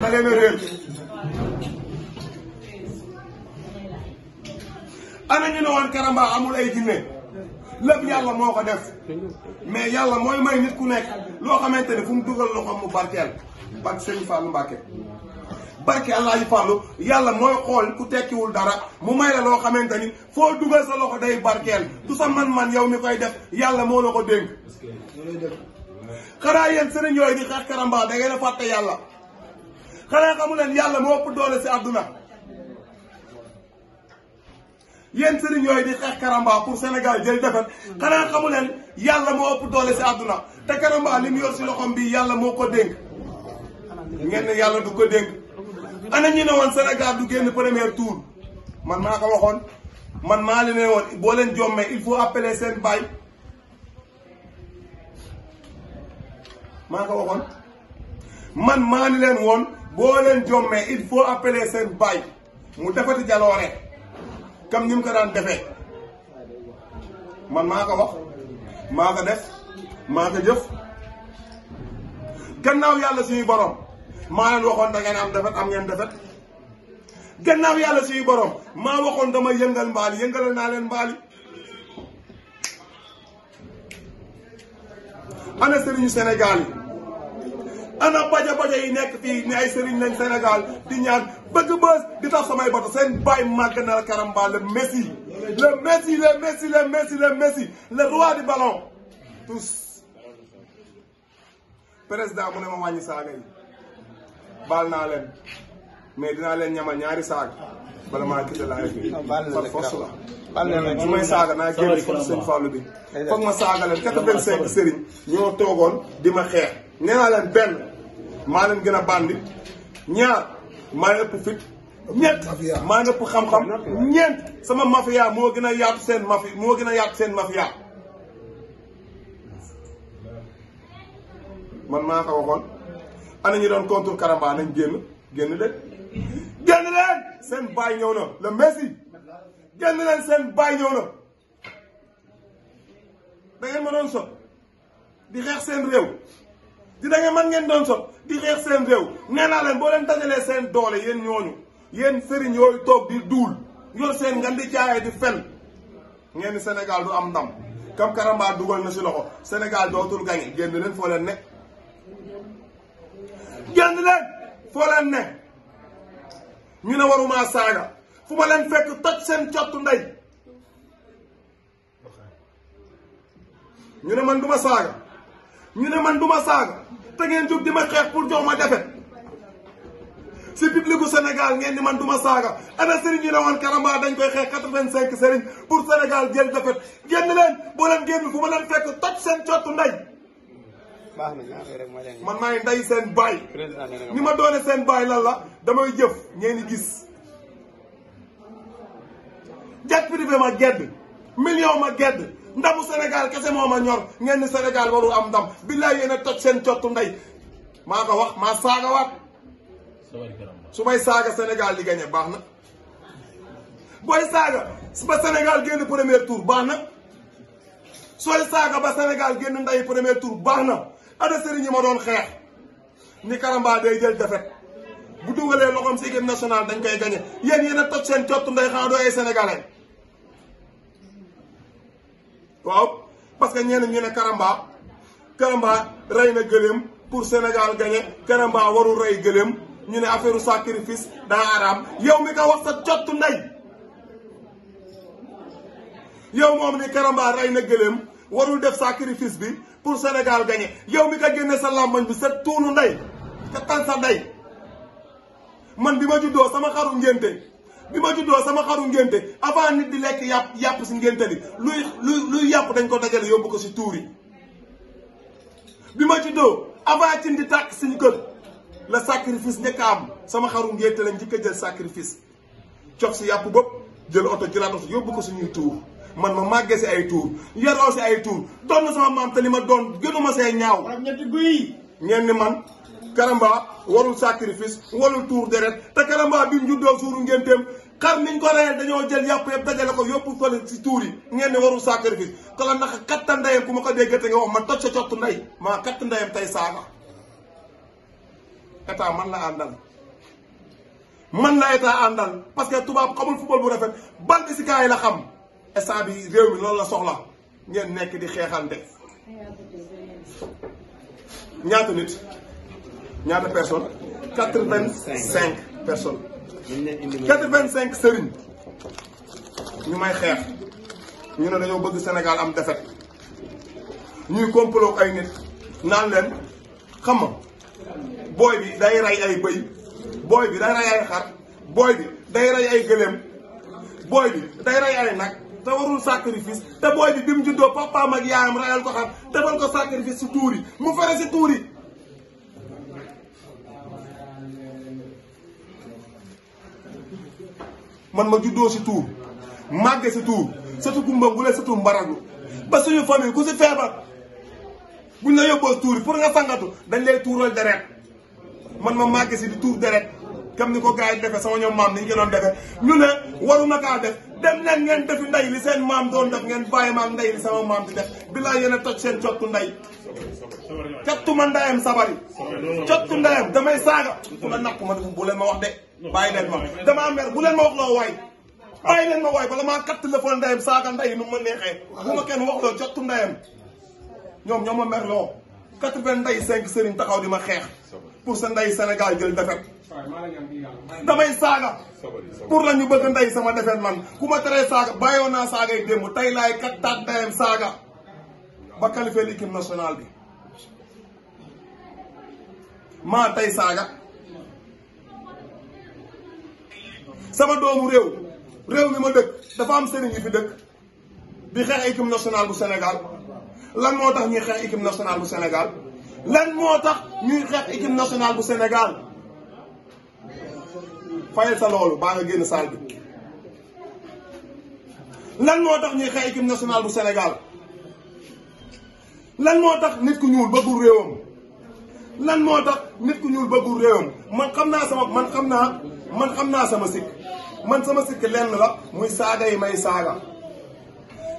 da leen a réer ana ñu ne woon Karamba amul ay jinne lépp yàlla moo ko def mais yàlla mooy may nit ku nekk loo xamante ne fu mu dugal loxoom mu barkeel barke Sëñ Fallou Mbacke barke Alaaji Fallou yàlla mooy xool ku tekkiwul dara mu may la loo xamante ni foo dugal sa loxo day barkeel du sa man-man yow mi koy def yàlla moo la ko dénk xanaa yéen sëriñ yooyu di xaar Karamba da ngeen a fàtte yàlla xanaa xamu leen yàlla moo ëpp doole si àdduna yéen sëriñ yooyu di xeex karamba pour Sénégal jël defet xanaa xamu leen yàlla moo ëpp doole si àdduna te karamba li mu yor si loxoom bi yàlla moo ko dénk ngeen yàlla du ko dénk ana ñu Sénégal du génn premier tour man maa ko waxoon man maa leen ne woon boo leen jommee il faut appeler seen baay maa ko waxoon man maa ni leen woon boo leen jommee it foo appeler seen baay mu defati jaloore comme ni mu ko daan defee man maa ko wax maa ko def maa ko jëf gannaaw yàlla suñu borom maa leen waxoon dangeen am defet am ngeen defet gannaaw yàlla suñu borom maa waxoon dama yëngal mbaali yëngale naa leen mbaali ana sëriñu Sénégal ana baja baja yi nekk fii ni ay sëriñ lañ Sénégal di ñaan bëgg bës di tax samay bato seen baay màgg na la karamba le Messi le Messi le Messi le Messi le Messi le roi du ballon tous président mu ne ma wàññi saaga yi baal naa leen mais dinaa leen ñamal ñaari saaga bala maa kii la bi ah, par force la baal leen rek su may saaga naa génn sëñ Fallou bi foog ma saaga leen quatre-vingt-cinq sëriñ ñoo toogoon di ma xeex nee naa leen benn maa leen gën a bandi ñaar maa leen ëpp fit ñeent maa leen xam-xam ñeent sama mafia moo gën a yaatu seen mafia moo gën a yaatu seen mafia man maa ko waxoon ana ñu doon contre Karamba nañ génn génn leen génn leen seen baay ñëw na le Messi génn leen seen baay ñëw na da ngeen ma doon sot di xeex seen réew dina da ngeen mën ngeen doon sot di xeex seen réew nee naa leen boo leen dajalee seen doole yéen ñooñu yéen sëriñ yooyu toog di duul yor seen ngan di jaayee di fen ngeen ni Sénégal du am ndam kam Karamba dugal na si loxo Sénégal dootul gañe génn leen foo leen ne génn leen foo leen ne ñu ne waruma saaga fu ma leen fekk toj seen cottu ndey ñu ne man duma saaga ñu ne man duma saaga te ngeen jóg di ma xeex pour jox ma defet si publicu Sénégal ngeen di man du ma saaga ana sëriñ yi ne woon Karamba dañ koy xeex quatre-vingt-cinq sëriñ pour Sénégal jël defet génn leen boo leen génn fu ma leen fekk toj seen cottu ndey man maay ndey seen baay ni ma doone seen baay lan la damay jëf ngeen i gis jet privé ma gedd million ma gedd ndamu Sénégal kese moo ma ñor ngeen ni Sénégal warul am ndam billaay yéen a toj seen cottu ndey maa ko wax maa saaga waat su may saaga Sénégal li gañe baax na booy saaga ba Sénégal génn premier tour baax na sooy saaga ba Sénégal génn ndey premier tour baax na ada sëriñ ma doon xeex ni Karamba day jël defet bu dugalee loxoom si équipe nationale dañ koy gañe yéen yéen a toj seen cottu ndey xanaa doo ay sénégalais waaw parce que ñeen ñu ne Karamba Karamba rey na gëléem pour Sénégal gagné Karamba warul rey gëléem ñu ne affaire sacrifice daa araam yow mi ko wax sa cottu ndey yow moom ni Karamba rey na gëléem warul def sacrifice bi pour Sénégal gagné yow mi ko génne sa làmbañ bi sa tuunu ndey sa tan sa ndey man bi ma juddoo sama xaru ngénte bi ma juddoo sama xaru ngénte avant nit di lekk yàpp yàpp si ngénte li luy luy yàpp dañ ko dajale yóbbu ko si tuur yi bi ma juddoo avant cin di tàkk suñu kër la sacrifice njëkk am sama xaru ngénte lañ njëkk a jël sacrifice cox si yàpp bopp jël oto jëlaat oto yóbbu ko suñuy tuur man ma màggee si ay tuur yaroo si ay tuur doon na sama maam te li ma doon gënuma see ñaaw ñetti guy ngeen ni man Karamba warul sacrifice warul tuur deret te Karamba bi mu juddoo suuru ngénteem xam niñ ko reyal dañoo jël yàpp yëpp dajale ko yóbbu fële si tuur yi ngeen ne warul sacrifice ko la ndax katta ndeyam ku ma ko dégg te nga wax ma toj sa cott ndey maa katt ndeyam tey saaga état man la àndal man la état àndal parce que tubaab xamul football bu rafet bal si kaa la xam état bi réew mi loolu la soxla ngeen nekk di xeexante ñaata nit ñaata personnes quatre vingt cinq personnes quatre vingt cinq sëriñ ñu may xeex ñu ne dañoo bëgg Sénégal am defet ñuy complot ay nit naan leen xam nga booy bi day rey ay bëy booy bi day rey ay xar booy bi day rey ay gëléem booy bi day rey ay nag te warul sacrifice te booy bi bi mu juddoo papaam ak yaayam reyal ko xam te ko sacrifice si tuur yi mu fere si tuur yi man ma juddoo si tuur màgge si tuur sëtu kumba bu leen sëtu mbaraglu ba suñu famille ku si feebar buñ la yóbboo tuur pour nga sangatu dañ lay tuural deret man ma màgge si di tuur deret comme ni ko gars yi defee sama ñoom maam ni ñu ko doon defee ñu ne waru na kaa def dem leen ngeen defi ndey li seen maam doon def ngeen bàyyi maam ndey li sama maam di def bilaa yéen a toj seen cottu ndey cottu ma ndeyam sabari cottu ndeyam damay saaga ku la napp ma def bu leen ma wax de bàyyi leen ma damaa mer bu leen ma wax loo waay bàyyi leen ma waay bala maa kat téléphone ndeyam saaga ndey nu ma neexee bu ma kenn wax loo cottu ndeyam ñoom ñoo ma mer loo quatre-vingt nday cinq sëriñ taxaw di ma xeex pour sa nday Sénégal jël defet damay saaga pour la bëgg nday sama defet man ku ma teree saaga bàyyoon naa saaga yi démb tey laay kat taat dayam saaga ba qualifié l'équipe nationale bi maa tey saaga sama doomu réew réew mi ma dëkk dafa am sëriñ yi fi dëkk di xeex équipe nationale bu Sénégal lan moo tax ñuy xeex équipe nationale bu senegal lan moo tax ñuy xeex équipe bu Sénégal fayal sa loolu baa nga génn saal bi lan moo tax ñuy xeex équipe nationale bu senegal lan moo tax nit ku ñuul bëggul réewam lan moo tax nit ku ñuul bëggul réewam man xam naa sama man xam naa man xam naa sama sikk man sama sikk lenn la muy saaga yi may saaga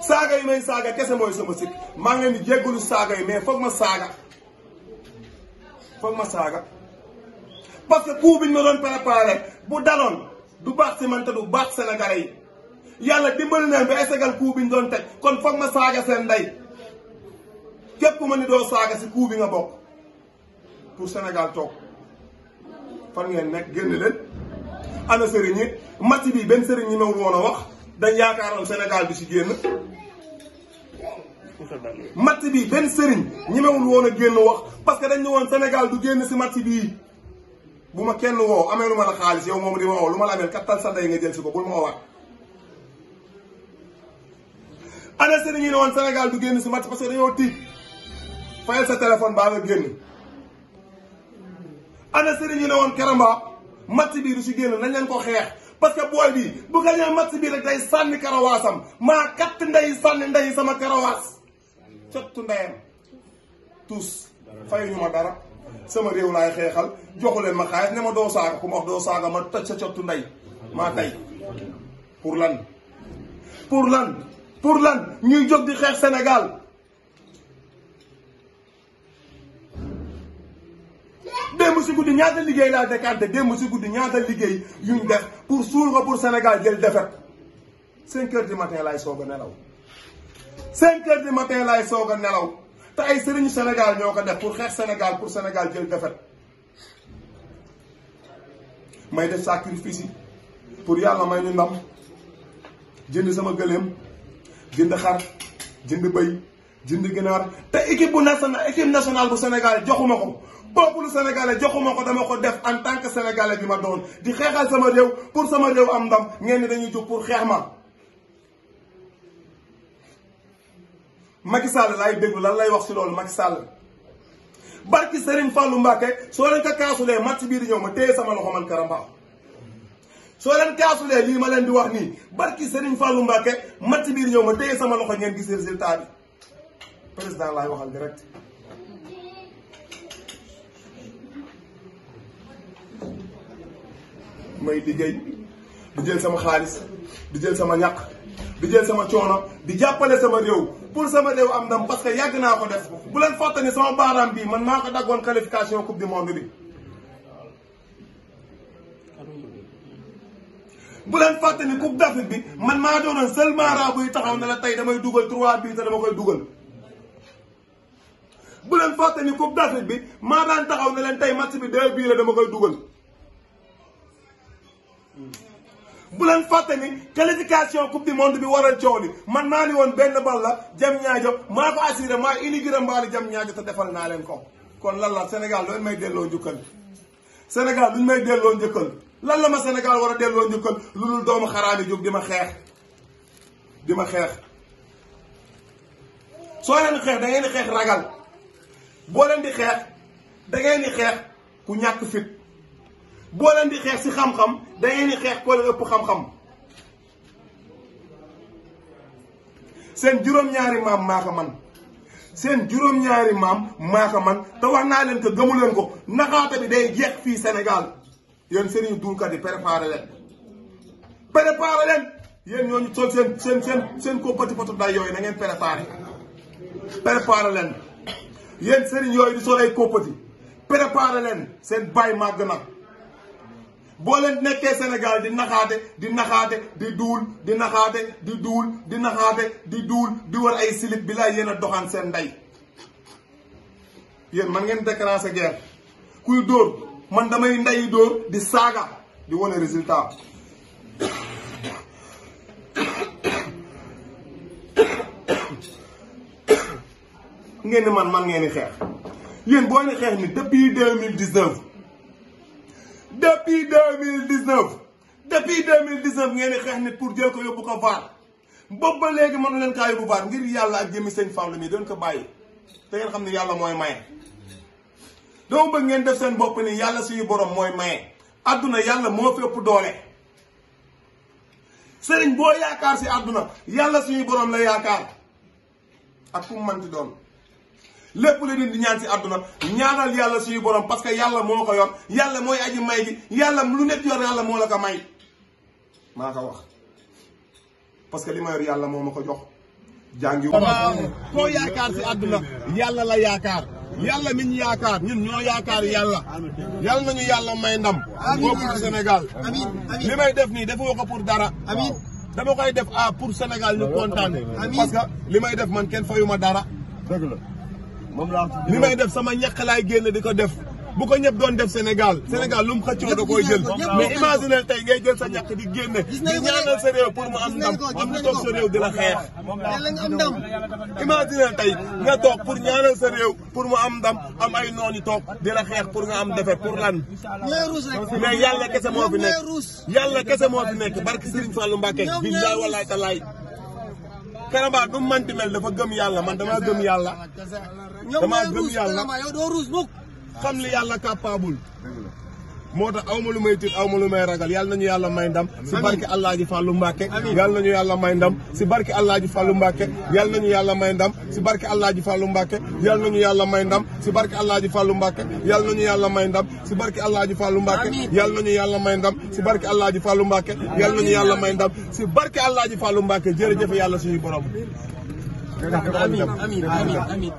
saaga yi may saaga kese mooy sama sikk maa ngi leen di jéggalu saaga yi mais foog ma saaga foog ma saaga parce que coup bi ñu ma doon préparé bu daloon du baax si man te du baax Sénégalais yi yàlla dimbali neen ba esegal coup bi doon teg kon foog ma saaga seen ndey képp ku ma ni doo saaga si coup bi nga bokk pour senegal toog fan ngeen nekk génn leen ana sëriñ yi match bi benn sëriñ ñi ma woon a wax dañ yaakaaroon Sénégal bi si génn matt bi benn sëriñ ñemewul woon a génn wax parce que dañ ne woon Sénégal du génn si match bii bu ma kenn woo amee lu ma la xaalis yow moom di ma lu ma la amee kattan sa ndey nga jël si ko ne woon Sénégal du génn si match parce que dañoo tiit fayal sa téléphone baa nga génn ana sëriñ yi ne woon Karamba match bii du si génn nañ leen ko xeex parce que booy bi bu gañee match bi rek day sànni karawaasam maa katt ndey sànni ndey sama karawaas cottu ndeyam tous fay ñu ma dara sama réew laay xeexal joxuleen ma xaalis ne ma doo ku ma wax ma toj cottu ndey maa tey pour lan pour lan pour lan ñuy jóg di xeex Sénégal démb si guddi ñaata liggéey laa décanté démb si guddi ñaata liggéey yu yuñ def pour suul ko pour Sénégal jël defet cinq heures du matin laay soog a nelaw cinq heures matin laay soog a nelaw te ay sëriñu Sénégal ñoo ko def pour xeex Sénégal pour Sénégal jël defet may def sacrifice yi pour yàlla may ñu ndam jënd sama gëléem jënd xar jënd bëy jënd ginaar te équipe bu national équipe nationale bu Sénégal joxuma ko peuple sénégalais joxuma ko dama ko def en tant que sénégalais bi ma doon di xeexal sama réew pour sama réew am ndam ñenn dañuy jóg pour xeex ma. Macky Sall laay déglu lan lay wax si loolu Macky Sall barki Serigne Fallou Mbacke soo leen ko kaasulee match bii di ñëw ma téye sama loxo man Karamba soo leen kaasulee lii ma leen di wax nii barki Serigne Fallou Mbacke match bii di ñëw ma téye sama loxo ngeen gis résultat bi président laay waxal direct. may liggéey di jël sama xaalis di jël sama ñaq di jël sama coono di jàppale sama réew pour sama réew am ndam parce que yàgg naa ko def bu leen fàtte ni sama bii man maa ko daggoon qualification coupe du monde bi. bu leen fàtte bi man maa doonoon seulement raabu yi taxaw ne la tey damay dugal trois bii te dama koy dugal. bu leen fàtte ni coupe d'Afrique bi maa daan taxaw ne leen tey matt bi deux bii la dama koy dugal. bu leen fàtte ni qualification coupe du monde bi waral coow li man naa ni woon benn bal la jam ñaajo maa ko assuré maa inauguré mbaali jam ñaajo te defal naa leen ko kon lan la Sénégal loolu may delloo njukkal Sénégal luñ may delloo njukkal lan la ma Sénégal war a delloo njukkal lu dul doomu xaraam yi jóg di ma xeex di ma xeex soo leen xeex da ngeen di xeex ragal boo leen di xeex dangeen di xeex ku ñàkk fit boo leen di xeex si xam-xam da ngeen di xeex koo leen ëpp xam-xam seen juróom-ñaari maam maa man seen juróom-ñaari maam maa man te wax naa leen que gëmu leen ko naxaate bi day jeex fii Sénégal yéen sëriñ duulkat yi préparé leen préparé leen yéen ñooñu sol seen seen seen seen ko pati pati day yooyu na ngeen préparé préparé leen yéen sëriñ yooyu di sol ay kóopati leen seen bàyyi màgg nag boo leen nekkee Sénégal di naxaate di naxaate di duul di naxaate di duul di naxaate di duul di war ay silib bilaa laa yéen a doxaan seen ndey yéen man ngeen déclencher guerre kuy dóor man damay ndeyi dóor di saaga di wane résultat ngeen ni man man ngeen di xeex yéen boo ni xeex ni depuis deux mille dix depuis deux mille dix neuf depuis deux mille dix neuf ngeen di xeex nit pour jël ko yóbbu ko vaar boobu ba léegi mënu leen kaa yóbbu vaar ngir yàlla ak jëmi sëñ la mi doon ko bàyyi te ngeen xam ne yàlla mooy maye. dama bëgg ngeen def seen bopp ni yàlla suñu borom mooy maye àdduna yàlla moo fi ëpp doole sëriñ boo yaakaar si àdduna yàlla suñu borom la yaakaar ak fu mu mënti doon. lépp lu nit di ñaan si àdduna ñaanal yàlla suñu borom parce que yàlla moo ko yoon yàlla mooy aji may gi yàlla lu nit yor yàlla moo la ko may maa ko parce que li yàlla moo ma ko jox jàngi koo yaakaar si àdduna yàlla la yaakaar yàlla mi yaakaar ñun ñoo yaakaar yàlla yàlla nañu yàlla may ndam boobu Sénégal li may def nii defoo ko pour dara dama koy def a ah, pour Sénégal ñu kontaan parce que li may def man kenn fayu ma dara moom laa li may def sama ñaq laay génn di ko def bu ko ñëpp doon def Sénégal senegal lu mu xëccoo da koy jël mais imaginer tey ngay jël sa ñàkk di génne di ñaanal sa réew pour mu am ndam am pour ñaanal am ndam am ay noonu toog di la xeex pour nga am defet pour lan mais yàlla kese moo fi nekk yàlla kese moo fi nekk barki Serigne Fallou Mbacké billaay wallaay talaay Karamba du manti mel dafa gëm yàlla man dama gëm yàlla damaa gëm yàlla yow doo ruus mukk xam li yàlla capable moo tax aw ma lu may tiit aw ma lu may ragal yàlla nañu yàlla may ndam si barke Allaaji Fàllu Mbàkke yàlla nañu yàlla may ndam si barke Allaaji Fàllu Mbàkke yàlla nañu yàlla may ndam si barke Allaaji Fàllu Mbàkke yàlla nañu yàlla may ndam si barke Allaaji Fàllu Mbàkke yàlla nañu yàlla may ndam si barke Allaaji Fàllu Mbàkke yàlla nañu yàlla may ndam si barke Allaaji Fàllu Mbàkke yàlla nañu yàlla may ndam si barke Allaaji Fàllu Mbàkke jërëjëf yàlla suñu borom amiin amiin amiin